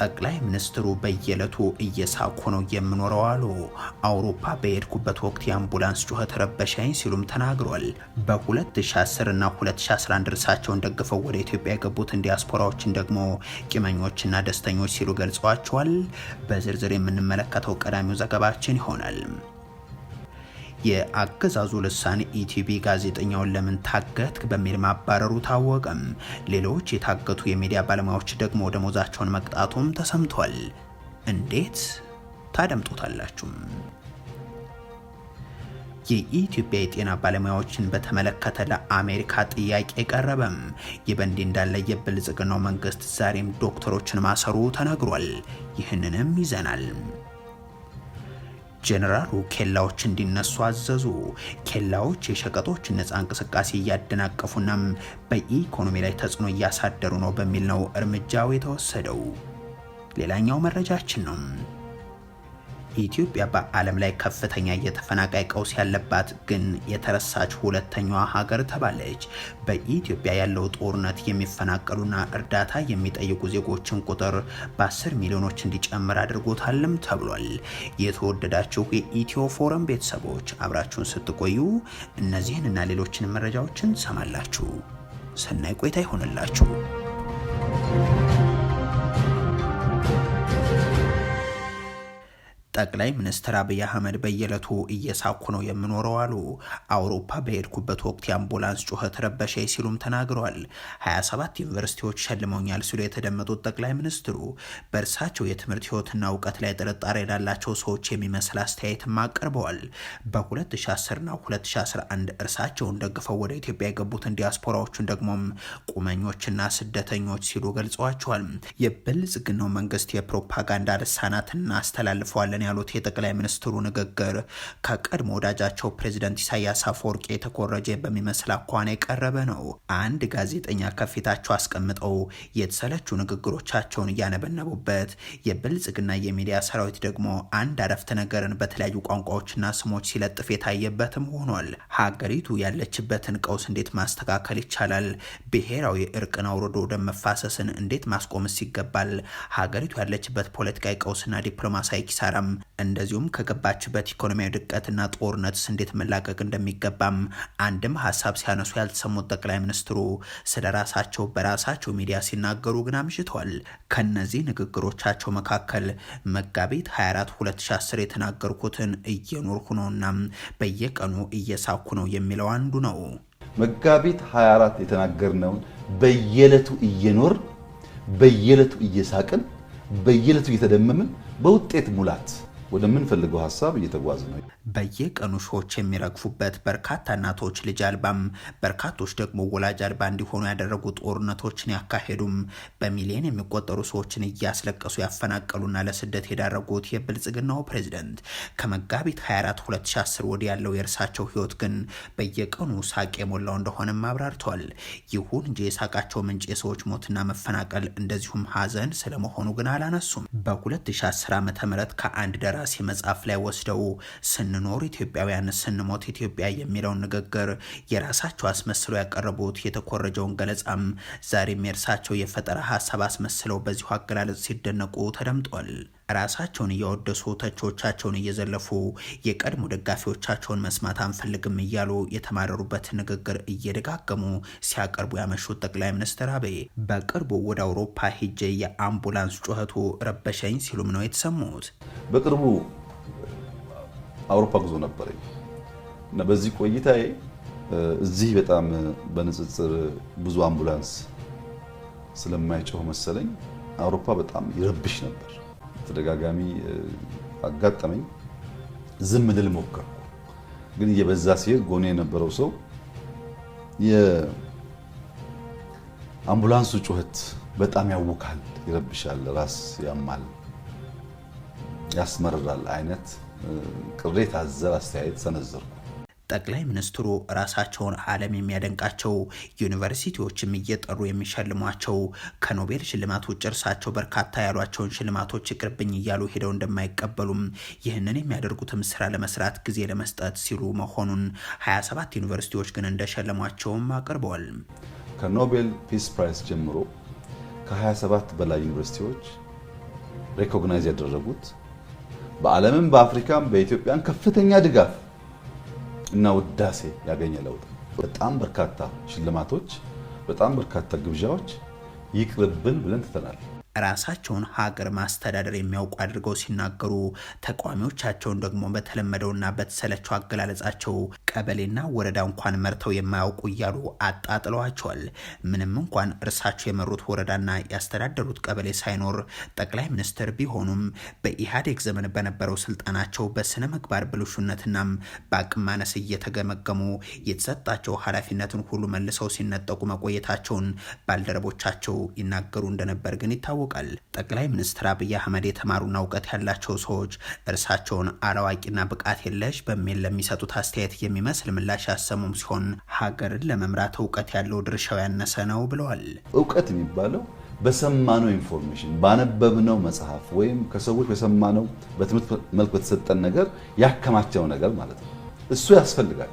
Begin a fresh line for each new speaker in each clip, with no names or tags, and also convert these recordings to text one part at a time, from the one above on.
ጠቅላይ ሚኒስትሩ በየዕለቱ እየሳኩ ነው የምኖረው አሉ። አውሮፓ በሄድኩበት ወቅት የአምቡላንስ ጩኸት ረበሻኝ ሲሉም ተናግሯል። በ2010 እና 2011 እርሳቸውን ደግፈው ወደ ኢትዮጵያ የገቡትን ዲያስፖራዎችን ደግሞ ቂመኞችና ደስተኞች ሲሉ ገልጸዋቸዋል። በዝርዝር የምንመለከተው ቀዳሚው ዘገባችን ይሆናል። የአገዛዙ ልሳን ኢቲቪ ጋዜጠኛውን ለምን ታገትክ በሚል ማባረሩ ታወቀም። ሌሎች የታገቱ የሚዲያ ባለሙያዎች ደግሞ ደሞዛቸውን መቅጣቱም ተሰምቷል። እንዴት ታደምጡታላችሁም። የኢትዮጵያ የጤና ባለሙያዎችን በተመለከተ ለአሜሪካ ጥያቄ ቀረበም። ይህ በእንዲህ እንዳለ የብልጽግናው መንግስት ዛሬም ዶክተሮችን ማሰሩ ተነግሯል። ይህንንም ይዘናል። ጀነራሉ ኬላዎች እንዲነሱ አዘዙ። ኬላዎች የሸቀጦችን ነፃ እንቅስቃሴ እያደናቀፉናም በኢኮኖሚ ላይ ተጽዕኖ እያሳደሩ ነው በሚል ነው እርምጃው የተወሰደው። ሌላኛው መረጃችን ነው። ኢትዮጵያ በዓለም ላይ ከፍተኛ የተፈናቃይ ቀውስ ያለባት ግን የተረሳች ሁለተኛዋ ሀገር ተባለች። በኢትዮጵያ ያለው ጦርነት የሚፈናቀሉና እርዳታ የሚጠይቁ ዜጎችን ቁጥር በ በ10 ሚሊዮኖች እንዲጨምር አድርጎታልም ተብሏል። የተወደዳችሁ የኢትዮ ፎረም ቤተሰቦች አብራችሁን ስትቆዩ እነዚህንና ሌሎችን መረጃዎችን ሰማላችሁ። ሰናይ ቆይታ ይሆንላችሁ። ጠቅላይ ሚኒስትር አብይ አህመድ በየዕለቱ እየሳኩ ነው የምኖረው አሉ። አውሮፓ በሄድኩበት ወቅት የአምቡላንስ ጩኸት ረበሸኝ ሲሉም ተናግረዋል። 27 ዩኒቨርሲቲዎች ሸልመውኛል ሲሉ የተደመጡት ጠቅላይ ሚኒስትሩ በእርሳቸው የትምህርት ህይወትና እውቀት ላይ ጥርጣሬ ላላቸው ሰዎች የሚመስል አስተያየትም አቅርበዋል። በ2010ና 2011 እርሳቸውን ደግፈው ወደ ኢትዮጵያ የገቡትን ዲያስፖራዎቹን ደግሞም ቁመኞችና ስደተኞች ሲሉ ገልጸዋቸዋል። የብልጽግናው መንግስት የፕሮፓጋንዳ ልሳናትን እናስተላልፈዋለን ያሉት የጠቅላይ ሚኒስትሩ ንግግር ከቀድሞ ወዳጃቸው ፕሬዚደንት ኢሳያስ አፈወርቂ የተኮረጀ በሚመስል አኳኋን የቀረበ ነው። አንድ ጋዜጠኛ ከፊታቸው አስቀምጠው የተሰለቹ ንግግሮቻቸውን እያነበነቡበት፣ የብልጽግና የሚዲያ ሰራዊት ደግሞ አንድ አረፍተ ነገርን በተለያዩ ቋንቋዎችና ስሞች ሲለጥፍ የታየበትም ሆኗል። ሀገሪቱ ያለችበትን ቀውስ እንዴት ማስተካከል ይቻላል? ብሔራዊ እርቅን አውርዶ ደም መፋሰስን እንዴት ማስቆምስ ይገባል? ሀገሪቱ ያለችበት ፖለቲካዊ ቀውስና ዲፕሎማሲያዊ ኪሳራም እንደዚሁም ከገባችበት ኢኮኖሚያዊ ድቀትና ጦርነትስ እንዴት መላቀቅ እንደሚገባም አንድም ሀሳብ ሲያነሱ ያልተሰሙት ጠቅላይ ሚኒስትሩ ስለ ራሳቸው በራሳቸው ሚዲያ ሲናገሩ ግን አምሽተዋል። ከነዚህ ንግግሮቻቸው መካከል መጋቢት 24 2010 የተናገርኩትን እየኖርኩ ነውና በየቀኑ እየሳኩ ነው የሚለው አንዱ ነው።
መጋቢት 24 የተናገርነውን በየዕለቱ እየኖር በየዕለቱ እየሳቅን በየዕለቱ እየተደመምን በውጤት ሙላት ወደምንፈልገው ሀሳብ እየተጓዝ ነው።
በየቀኑ ሺዎች የሚረግፉበት በርካታ እናቶች ልጅ አልባም፣ በርካቶች ደግሞ ወላጅ አልባ እንዲሆኑ ያደረጉ ጦርነቶችን ያካሄዱም በሚሊዮን የሚቆጠሩ ሰዎችን እያስለቀሱ ያፈናቀሉና ለስደት የዳረጉት የብልጽግናው ፕሬዝደንት ከመጋቢት 24 2010 ወዲህ ያለው የእርሳቸው ህይወት ግን በየቀኑ ሳቅ የሞላው እንደሆነም አብራርተዋል። ይሁን እንጂ የሳቃቸው ምንጭ የሰዎች ሞትና መፈናቀል እንደዚሁም ሀዘን ስለመሆኑ ግን አላነሱም። በ2010 ዓ ም ከአንድ ደረ በራሴ መጽሐፍ ላይ ወስደው ስንኖር ኢትዮጵያውያን ስንሞት ኢትዮጵያ የሚለውን ንግግር የራሳቸው አስመስለው ያቀረቡት የተኮረጀውን ገለጻም ዛሬም የእርሳቸው የፈጠራ ሀሳብ አስመስለው በዚሁ አገላለጽ ሲደነቁ ተደምጧል። ራሳቸውን እያወደሱ ተቾቻቸውን እየዘለፉ የቀድሞ ደጋፊዎቻቸውን መስማት አንፈልግም እያሉ የተማረሩበት ንግግር እየደጋገሙ ሲያቀርቡ ያመሹት ጠቅላይ ሚኒስትር አብይ በቅርቡ ወደ አውሮፓ ሂጄ የአምቡላንስ ጩኸቱ ረበሸኝ ሲሉም ነው የተሰሙት።
በቅርቡ አውሮፓ ጉዞ ነበረኝ እና በዚህ ቆይታዬ እዚህ በጣም በንጽጽር ብዙ አምቡላንስ ስለማይጮህ መሰለኝ አውሮፓ በጣም ይረብሽ ነበር። ተደጋጋሚ አጋጠመኝ። ዝም ልል ሞከርኩ፣ ግን እየበዛ ሲሄድ ጎኔ የነበረው ሰው የአምቡላንሱ ጩኸት በጣም ያውካል፣ ይረብሻል፣ ራስ ያማል፣ ያስመርራል አይነት ቅሬታ አዘል አስተያየት ሰነዘርኩ።
ጠቅላይ ሚኒስትሩ ራሳቸውን ዓለም የሚያደንቃቸው ዩኒቨርሲቲዎችም እየጠሩ የሚሸልሟቸው ከኖቤል ሽልማት ውጭ እርሳቸው በርካታ ያሏቸውን ሽልማቶች ይቅርብኝ እያሉ ሄደው እንደማይቀበሉም ይህንን የሚያደርጉትም ስራ ለመስራት ጊዜ ለመስጠት ሲሉ መሆኑን 27 ዩኒቨርሲቲዎች ግን እንደሸለሟቸውም አቅርበዋል።
ከኖቤል ፒስ ፕራይስ ጀምሮ ከ27 በላይ ዩኒቨርሲቲዎች ሬኮግናይዝ ያደረጉት በዓለምም በአፍሪካም በኢትዮጵያን ከፍተኛ ድጋፍ እና ውዳሴ ያገኘ ለውጥ በጣም በርካታ ሽልማቶች፣ በጣም በርካታ ግብዣዎች ይቅርብን ብለን ትተናል።
ራሳቸውን ሀገር ማስተዳደር የሚያውቁ አድርገው ሲናገሩ ተቃዋሚዎቻቸውን ደግሞ በተለመደውና በተሰለቸው አገላለጻቸው ቀበሌና ወረዳ እንኳን መርተው የማያውቁ እያሉ አጣጥለዋቸዋል። ምንም እንኳን እርሳቸው የመሩት ወረዳና ያስተዳደሩት ቀበሌ ሳይኖር ጠቅላይ ሚኒስትር ቢሆኑም በኢህአዴግ ዘመን በነበረው ስልጣናቸው በስነ ምግባር ብልሹነትና በአቅም ማነስ እየተገመገሙ የተሰጣቸው ኃላፊነትን ሁሉ መልሰው ሲነጠቁ መቆየታቸውን ባልደረቦቻቸው ይናገሩ እንደነበር ግን ይታወቃል። ይታወቃል። ጠቅላይ ሚኒስትር አብይ አህመድ የተማሩና እውቀት ያላቸው ሰዎች እርሳቸውን አላዋቂና ብቃት የለሽ በሚል ለሚሰጡት አስተያየት የሚመስል ምላሽ ያሰሙም ሲሆን ሀገርን ለመምራት እውቀት ያለው ድርሻው ያነሰ ነው ብለዋል።
እውቀት የሚባለው በሰማነው ኢንፎርሜሽን ባነበብነው መጽሐፍ ወይም ከሰዎች በሰማነው በትምህርት መልክ በተሰጠን ነገር ያከማቸው ነገር ማለት ነው። እሱ ያስፈልጋል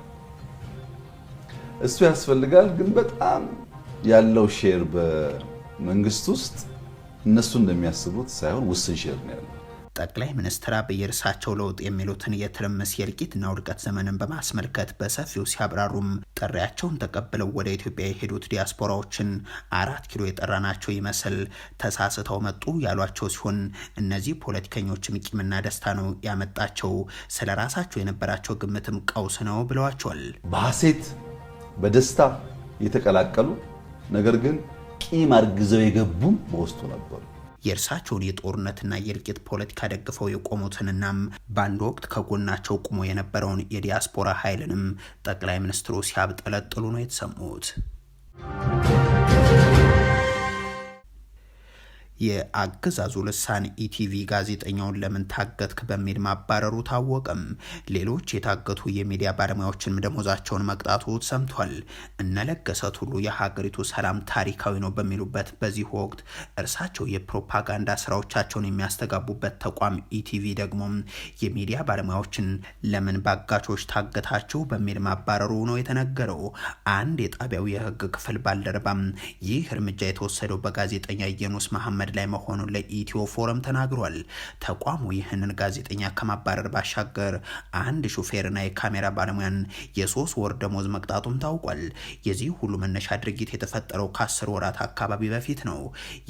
እሱ ያስፈልጋል ግን በጣም ያለው ሼር በመንግስት ውስጥ እነሱ እንደሚያስቡት ሳይሆን ውስን ሼር ነው ያለው።
ጠቅላይ ሚኒስትር አብይ እርሳቸው ለውጥ የሚሉትን የትርምስ የእልቂትና ውድቀት ዘመንን በማስመልከት በሰፊው ሲያብራሩም ጥሪያቸውን ተቀብለው ወደ ኢትዮጵያ የሄዱት ዲያስፖራዎችን አራት ኪሎ የጠራናቸው ይመስል ተሳስተው መጡ ያሏቸው ሲሆን እነዚህ ፖለቲከኞችም ቂምና ደስታ ነው ያመጣቸው፣ ስለ ራሳቸው የነበራቸው ግምትም ቀውስ ነው ብለዋቸዋል።
በሐሴት በደስታ የተቀላቀሉ ነገር ግን ቂም አርግዘው የገቡም በውስጡ ነበሩ።
የእርሳቸውን የጦርነትና የእልቂት ፖለቲካ ደግፈው የቆሙትንናም በአንድ ወቅት ከጎናቸው ቁሞ የነበረውን የዲያስፖራ ኃይልንም ጠቅላይ ሚኒስትሩ ሲያብጠለጥሉ ነው የተሰሙት። የአገዛዙ ልሳን ኢቲቪ ጋዜጠኛውን ለምን ታገትክ በሚል ማባረሩ ታወቀም። ሌሎች የታገቱ የሚዲያ ባለሙያዎችንም ደሞዛቸውን መቅጣቱ ሰምቷል። እነለገሰት ሁሉ የሀገሪቱ ሰላም ታሪካዊ ነው በሚሉበት በዚህ ወቅት እርሳቸው የፕሮፓጋንዳ ስራዎቻቸውን የሚያስተጋቡበት ተቋም ኢቲቪ ደግሞ የሚዲያ ባለሙያዎችን ለምን ባጋቾች ታገታችሁ በሚል ማባረሩ ነው የተነገረው። አንድ የጣቢያው የህግ ክፍል ባልደረባም ይህ እርምጃ የተወሰደው በጋዜጠኛ የኑስ መሐመድ አመድ ላይ መሆኑን ለኢትዮ ፎረም ተናግሯል። ተቋሙ ይህንን ጋዜጠኛ ከማባረር ባሻገር አንድ ሹፌርና የካሜራ ባለሙያን የሶስት ወር ደሞዝ መቅጣቱም ታውቋል። የዚህ ሁሉ መነሻ ድርጊት የተፈጠረው ከአስር ወራት አካባቢ በፊት ነው።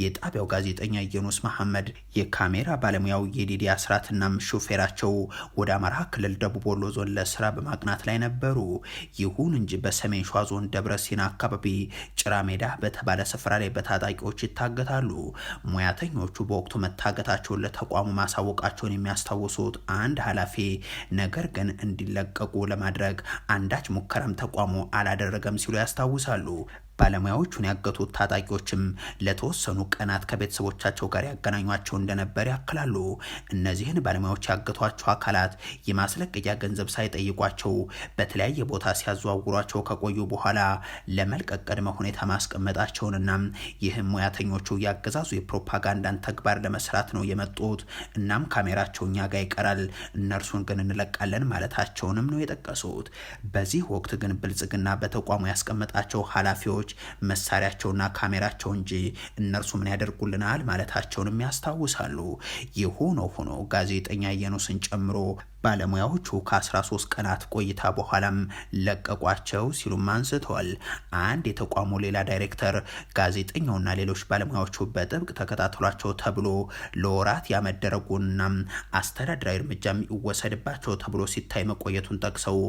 የጣቢያው ጋዜጠኛ የኑስ መሐመድ፣ የካሜራ ባለሙያው የዲዲ አስራትና ሹፌራቸው ወደ አማራ ክልል ደቡብ ወሎ ዞን ለስራ በማቅናት ላይ ነበሩ። ይሁን እንጂ በሰሜን ሸዋ ዞን ደብረ ሲና አካባቢ ጭራ ሜዳ በተባለ ስፍራ ላይ በታጣቂዎች ይታገታሉ። ሙያተኞቹ በወቅቱ መታገታቸውን ለተቋሙ ማሳወቃቸውን የሚያስታውሱት አንድ ኃላፊ ነገር ግን እንዲለቀቁ ለማድረግ አንዳች ሙከራም ተቋሙ አላደረገም ሲሉ ያስታውሳሉ። ባለሙያዎቹን ያገቱት ታጣቂዎችም ለተወሰኑ ቀናት ከቤተሰቦቻቸው ጋር ያገናኟቸው እንደነበር ያክላሉ። እነዚህን ባለሙያዎች ያገቷቸው አካላት የማስለቀቂያ ገንዘብ ሳይጠይቋቸው በተለያየ ቦታ ሲያዘዋውሯቸው ከቆዩ በኋላ ለመልቀቅ ቅድመ ሁኔታ ማስቀመጣቸውንና ይህም ሙያተኞቹ ያገዛዙ የፕሮፓጋንዳን ተግባር ለመስራት ነው የመጡት። እናም ካሜራቸው እኛ ጋር ይቀራል፣ እነርሱን ግን እንለቃለን ማለታቸውንም ነው የጠቀሱት። በዚህ ወቅት ግን ብልጽግና በተቋሙ ያስቀመጣቸው ኃላፊዎች መሳሪያቸውና ካሜራቸው እንጂ እነርሱ ምን ያደርጉልናል ማለታቸውንም ያስታውሳሉ። የሆነ ሆኖ ጋዜጠኛ የኖስን ጨምሮ ባለሙያዎቹ ከ13 ቀናት ቆይታ በኋላም ለቀቋቸው ሲሉም አንስተዋል። አንድ የተቋሙ ሌላ ዳይሬክተር ጋዜጠኛውና ሌሎች ባለሙያዎቹ በጥብቅ ተከታተሏቸው ተብሎ ለወራት ያመደረጉና አስተዳደራዊ እርምጃም ይወሰድባቸው ተብሎ ሲታይ መቆየቱን ጠቅሰው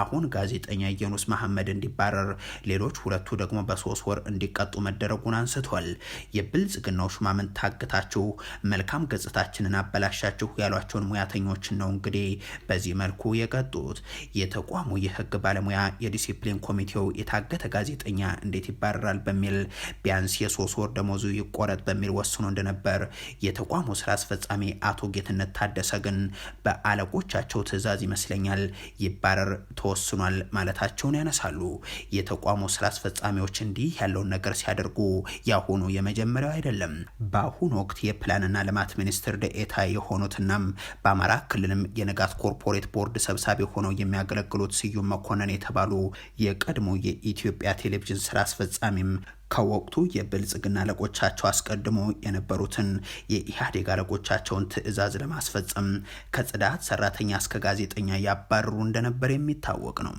አሁን ጋዜጠኛ የኑስ መሐመድ እንዲባረር፣ ሌሎች ሁለቱ ደግሞ በሶስት ወር እንዲቀጡ መደረጉን አንስተዋል። የብልጽግናው ሹማምንት ታግታችሁ መልካም ገጽታችንን አበላሻችሁ ያሏቸውን ሙያተኞችን ነው እንግዲህ በዚህ መልኩ የቀጡት የተቋሙ የህግ ባለሙያ የዲሲፕሊን ኮሚቴው የታገተ ጋዜጠኛ እንዴት ይባረራል በሚል ቢያንስ የሶስት ወር ደሞዙ ይቆረጥ በሚል ወስኖ እንደነበር የተቋሙ ስራ አስፈጻሚ አቶ ጌትነት ታደሰ ግን በአለቆቻቸው ትዕዛዝ ይመስለኛል ይባረር ተወስኗል ማለታቸውን ያነሳሉ። የተቋሙ ስራ አስፈጻሚዎች እንዲህ ያለውን ነገር ሲያደርጉ ያሁኑ የመጀመሪያው አይደለም። በአሁኑ ወቅት የፕላንና ልማት ሚኒስትር ደኤታ የሆኑትናም በአማራ ክልልም የነጋ ህወሓት ኮርፖሬት ቦርድ ሰብሳቢ ሆነው የሚያገለግሉት ስዩም መኮንን የተባሉ የቀድሞ የኢትዮጵያ ቴሌቪዥን ስራ አስፈጻሚም ከወቅቱ የብልጽግና አለቆቻቸው አስቀድሞ የነበሩትን የኢህአዴግ አለቆቻቸውን ትዕዛዝ ለማስፈጸም ከጽዳት ሰራተኛ እስከ ጋዜጠኛ ያባረሩ እንደነበር የሚታወቅ ነው።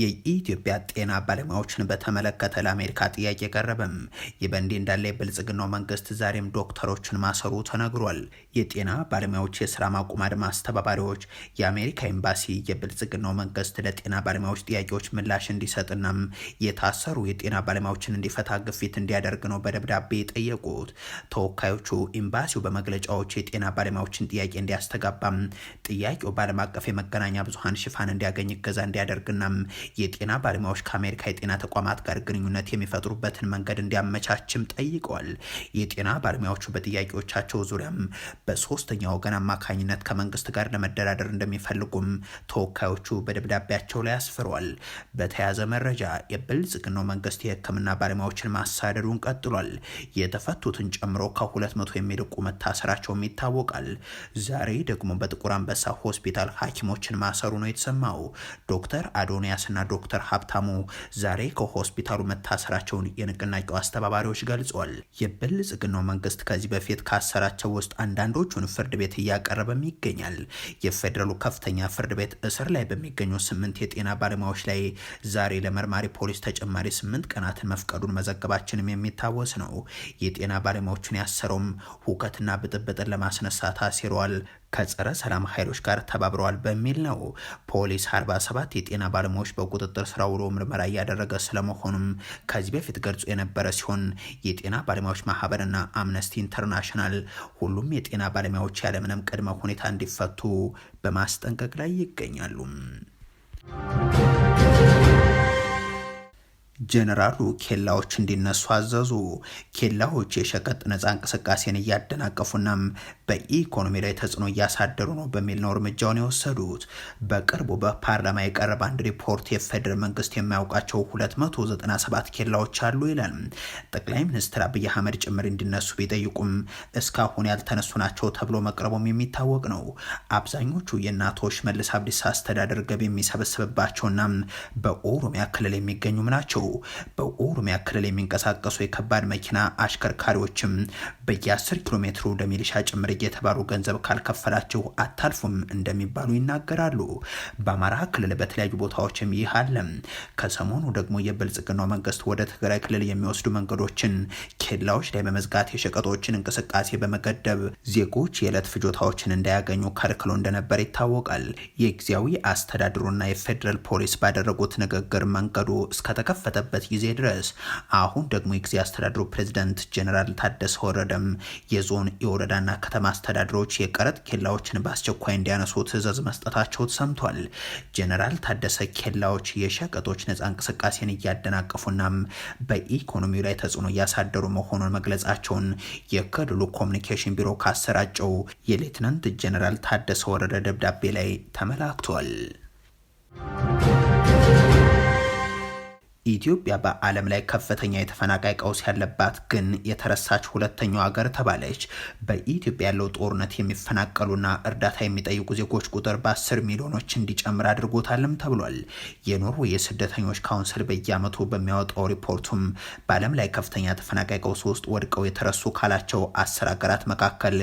የኢትዮጵያ ጤና ባለሙያዎችን በተመለከተ ለአሜሪካ ጥያቄ ቀረበም። ይህ በእንዲህ እንዳለ የብልጽግናው መንግስት ዛሬም ዶክተሮችን ማሰሩ ተነግሯል። የጤና ባለሙያዎች የስራ ማቆም አድማ አስተባባሪዎች የአሜሪካ ኤምባሲ የብልጽግናው መንግስት ለጤና ባለሙያዎች ጥያቄዎች ምላሽ እንዲሰጥናም የታሰሩ የጤና ባለሙያዎችን እንዲፈታ ግፊት እንዲያደርግ ነው በደብዳቤ የጠየቁት። ተወካዮቹ ኤምባሲው በመግለጫዎች የጤና ባለሙያዎችን ጥያቄ እንዲያስተጋባም ጥያቄው በዓለም አቀፍ የመገናኛ ብዙሀን ሽፋን እንዲያገኝ እገዛ እንዲያደርግናም የጤና ባለሙያዎች ከአሜሪካ የጤና ተቋማት ጋር ግንኙነት የሚፈጥሩበትን መንገድ እንዲያመቻችም ጠይቀዋል። የጤና ባለሙያዎቹ በጥያቄዎቻቸው ዙሪያም በሶስተኛ ወገን አማካኝነት ከመንግስት ጋር ለመደራደር እንደሚፈልጉም ተወካዮቹ በደብዳቤያቸው ላይ አስፍረዋል። በተያያዘ መረጃ የብልጽግናው መንግስት የህክምና ባለሙያዎችን ማሳደዱን ቀጥሏል። የተፈቱትን ጨምሮ ከሁለት መቶ የሚልቁ መታሰራቸውም ይታወቃል። ዛሬ ደግሞ በጥቁር አንበሳ ሆስፒታል ሐኪሞችን ማሰሩ ነው የተሰማው ዶክተር አዶንያስና ዶክተርና ዶክተር ሀብታሙ ዛሬ ከሆስፒታሉ መታሰራቸውን የንቅናቄው አስተባባሪዎች ገልጿል። የብልጽግናው መንግስት ከዚህ በፊት ካሰራቸው ውስጥ አንዳንዶቹን ፍርድ ቤት እያቀረበም ይገኛል። የፌዴራሉ ከፍተኛ ፍርድ ቤት እስር ላይ በሚገኙ ስምንት የጤና ባለሙያዎች ላይ ዛሬ ለመርማሪ ፖሊስ ተጨማሪ ስምንት ቀናትን መፍቀዱን መዘገባችንም የሚታወስ ነው። የጤና ባለሙያዎቹን ያሰረውም ሁከትና ብጥብጥን ለማስነሳት አሲሯል። ከጸረ ሰላም ኃይሎች ጋር ተባብረዋል በሚል ነው። ፖሊስ 47 የጤና ባለሙያዎች በቁጥጥር ስራ ውሎ ምርመራ እያደረገ ስለመሆኑም ከዚህ በፊት ገልጾ የነበረ ሲሆን የጤና ባለሙያዎች ማህበርና አምነስቲ ኢንተርናሽናል ሁሉም የጤና ባለሙያዎች ያለምንም ቅድመ ሁኔታ እንዲፈቱ በማስጠንቀቅ ላይ ይገኛሉ። ጀነራሉ ኬላዎች እንዲነሱ አዘዙ። ኬላዎች የሸቀጥ ነጻ እንቅስቃሴን እያደናቀፉናም በኢኮኖሚ ላይ ተጽዕኖ እያሳደሩ ነው በሚል ነው እርምጃውን የወሰዱት። በቅርቡ በፓርላማ የቀረበ አንድ ሪፖርት የፌደራል መንግስት የሚያውቃቸው 297 ኬላዎች አሉ ይላል። ጠቅላይ ሚኒስትር አብይ አህመድ ጭምር እንዲነሱ ቢጠይቁም እስካሁን ያልተነሱ ናቸው ተብሎ መቅረቡም የሚታወቅ ነው። አብዛኞቹ የእናቶች መልስ አብዲስ አስተዳደር ገቢ የሚሰበስብባቸውና በኦሮሚያ ክልል የሚገኙም ናቸው። በኦሮሚያ ክልል የሚንቀሳቀሱ የከባድ መኪና አሽከርካሪዎችም በየ10 ኪሎ ሜትሩ ለሚሊሻ ጭምር እየተባሉ ገንዘብ ካልከፈላቸው አታልፉም እንደሚባሉ ይናገራሉ። በአማራ ክልል በተለያዩ ቦታዎችም ይህ አለ። ከሰሞኑ ደግሞ የብልጽግናው መንግስት ወደ ትግራይ ክልል የሚወስዱ መንገዶችን ኬላዎች ላይ በመዝጋት የሸቀጦችን እንቅስቃሴ በመገደብ ዜጎች የዕለት ፍጆታዎችን እንዳያገኙ ከልክሎ እንደነበር ይታወቃል። የጊዜያዊ አስተዳድሩና የፌዴራል ፖሊስ ባደረጉት ንግግር መንገዱ እስከተከፈተ እስከተሰጠበት ጊዜ ድረስ አሁን ደግሞ የጊዜ አስተዳድሩ ፕሬዚዳንት ጀኔራል ታደሰ ወረደም የዞን የወረዳና ከተማ አስተዳድሮች የቀረጥ ኬላዎችን በአስቸኳይ እንዲያነሱ ትዕዛዝ መስጠታቸው ተሰምቷል። ጀኔራል ታደሰ ኬላዎች የሸቀጦች ነጻ እንቅስቃሴን እያደናቀፉናም በኢኮኖሚው ላይ ተጽዕኖ እያሳደሩ መሆኑን መግለጻቸውን የክልሉ ኮሚኒኬሽን ቢሮ ካሰራጨው የሌትናንት ጀኔራል ታደሰ ወረደ ደብዳቤ ላይ ተመላክቷል። ኢትዮጵያ በዓለም ላይ ከፍተኛ የተፈናቃይ ቀውስ ያለባት ግን የተረሳች ሁለተኛው ሀገር ተባለች። በኢትዮጵያ ያለው ጦርነት የሚፈናቀሉና እርዳታ የሚጠይቁ ዜጎች ቁጥር በአስር ሚሊዮኖች እንዲጨምር አድርጎታልም ተብሏል። የኖርዌይ የስደተኞች ካውንስል በየዓመቱ በሚያወጣው ሪፖርቱም በዓለም ላይ ከፍተኛ ተፈናቃይ ቀውስ ውስጥ ወድቀው የተረሱ ካላቸው አስር ሀገራት መካከል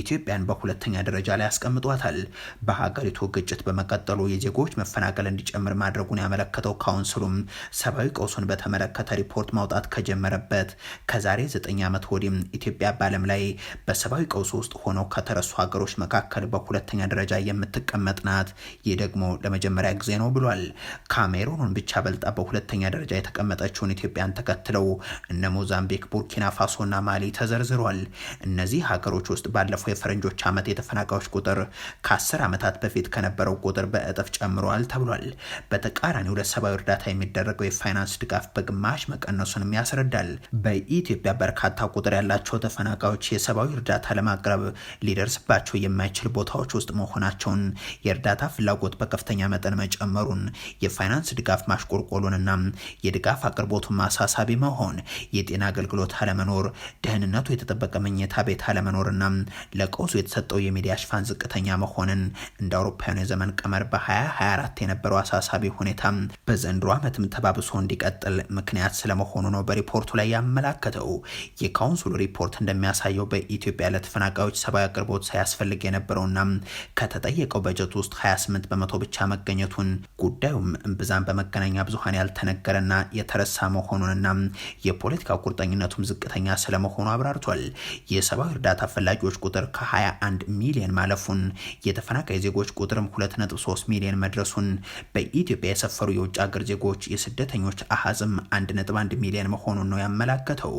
ኢትዮጵያን በሁለተኛ ደረጃ ላይ አስቀምጧታል። በሀገሪቱ ግጭት በመቀጠሉ የዜጎች መፈናቀል እንዲጨምር ማድረጉን ያመለከተው ካውንስሉም ሰብአዊ ሰብአዊ ቀውሱን በተመለከተ ሪፖርት ማውጣት ከጀመረበት ከዛሬ 9 ዓመት ወዲም ኢትዮጵያ በዓለም ላይ በሰብአዊ ቀውሱ ውስጥ ሆኖ ከተረሱ ሀገሮች መካከል በሁለተኛ ደረጃ የምትቀመጥ ናት። ይህ ደግሞ ለመጀመሪያ ጊዜ ነው ብሏል። ካሜሩንን ብቻ በልጣ በሁለተኛ ደረጃ የተቀመጠችውን ኢትዮጵያን ተከትለው እነ ሞዛምቢክ፣ ቡርኪና ፋሶና ማሊ ተዘርዝሯል። እነዚህ ሀገሮች ውስጥ ባለፈው የፈረንጆች ዓመት የተፈናቃዮች ቁጥር ከአስር ዓመታት በፊት ከነበረው ቁጥር በእጥፍ ጨምረዋል ተብሏል። በተቃራኒው ለሰብአዊ እርዳታ የሚደረገው የፋይና የፋይናንስ ድጋፍ በግማሽ መቀነሱንም ያስረዳል። በኢትዮጵያ በርካታ ቁጥር ያላቸው ተፈናቃዮች የሰብአዊ እርዳታ ለማቅረብ ሊደርስባቸው የማይችል ቦታዎች ውስጥ መሆናቸውን፣ የእርዳታ ፍላጎት በከፍተኛ መጠን መጨመሩን፣ የፋይናንስ ድጋፍ ማሽቆልቆሉንና የድጋፍ አቅርቦቱን ማሳሳቢ መሆን፣ የጤና አገልግሎት አለመኖር፣ ደህንነቱ የተጠበቀ መኝታ ቤት አለመኖርና ለቀውሱ የተሰጠው የሚዲያ ሽፋን ዝቅተኛ መሆንን እንደ አውሮፓውያኑ የዘመን ቀመር በ2024 የነበረው አሳሳቢ ሁኔታ በዘንድሮ ዓመትም ተባብሶ እንዲቀጥል ምክንያት ስለመሆኑ ነው በሪፖርቱ ላይ ያመላከተው። የካውንስሉ ሪፖርት እንደሚያሳየው በኢትዮጵያ ለተፈናቃዮች ሰብአዊ አቅርቦት ሳያስፈልግ የነበረውና ከተጠየቀው በጀት ውስጥ 28 በመቶ ብቻ መገኘቱን ጉዳዩም እምብዛም በመገናኛ ብዙሀን ያልተነገረና የተረሳ መሆኑንና የፖለቲካ ቁርጠኝነቱም ዝቅተኛ ስለመሆኑ አብራርቷል። የሰብአዊ እርዳታ ፈላጊዎች ቁጥር ከ21 ሚሊዮን ማለፉን፣ የተፈናቃይ ዜጎች ቁጥርም 2.3 ሚሊዮን መድረሱን በኢትዮጵያ የሰፈሩ የውጭ አገር ዜጎች የስደተኞ ሰራተኞች አሃዝም 1.1 ሚሊዮን መሆኑን ነው ያመላከተው።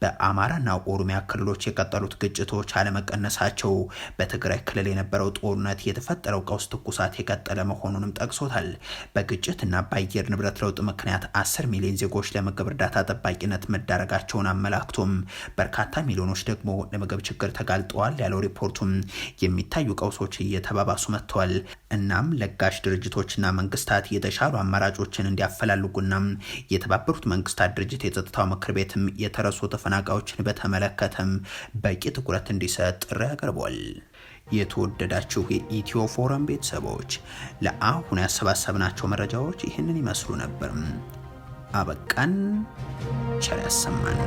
በአማራና ኦሮሚያ ክልሎች የቀጠሉት ግጭቶች አለመቀነሳቸው በትግራይ ክልል የነበረው ጦርነት የተፈጠረው ቀውስ ትኩሳት የቀጠለ መሆኑንም ጠቅሶታል። በግጭትና በአየር ንብረት ለውጥ ምክንያት 10 ሚሊዮን ዜጎች ለምግብ እርዳታ ጠባቂነት መዳረጋቸውን አመላክቶም በርካታ ሚሊዮኖች ደግሞ ለምግብ ችግር ተጋልጠዋል ያለው ሪፖርቱም የሚታዩ ቀውሶች እየተባባሱ መጥተዋል። እናም ለጋሽ ድርጅቶችና መንግስታት የተሻሉ አማራጮችን እንዲያፈላልጉና የተባበሩት መንግስታት ድርጅት የጸጥታው ምክር ቤትም የተረሱ ተፈናቃዮችን በተመለከተም በቂ ትኩረት እንዲሰጥ ጥሪ አቅርቧል። የተወደዳችሁ የኢትዮ ፎረም ቤተሰቦች ለአሁን ያሰባሰብናቸው መረጃዎች ይህንን ይመስሉ ነበር። አበቃን። ቸር ያሰማን።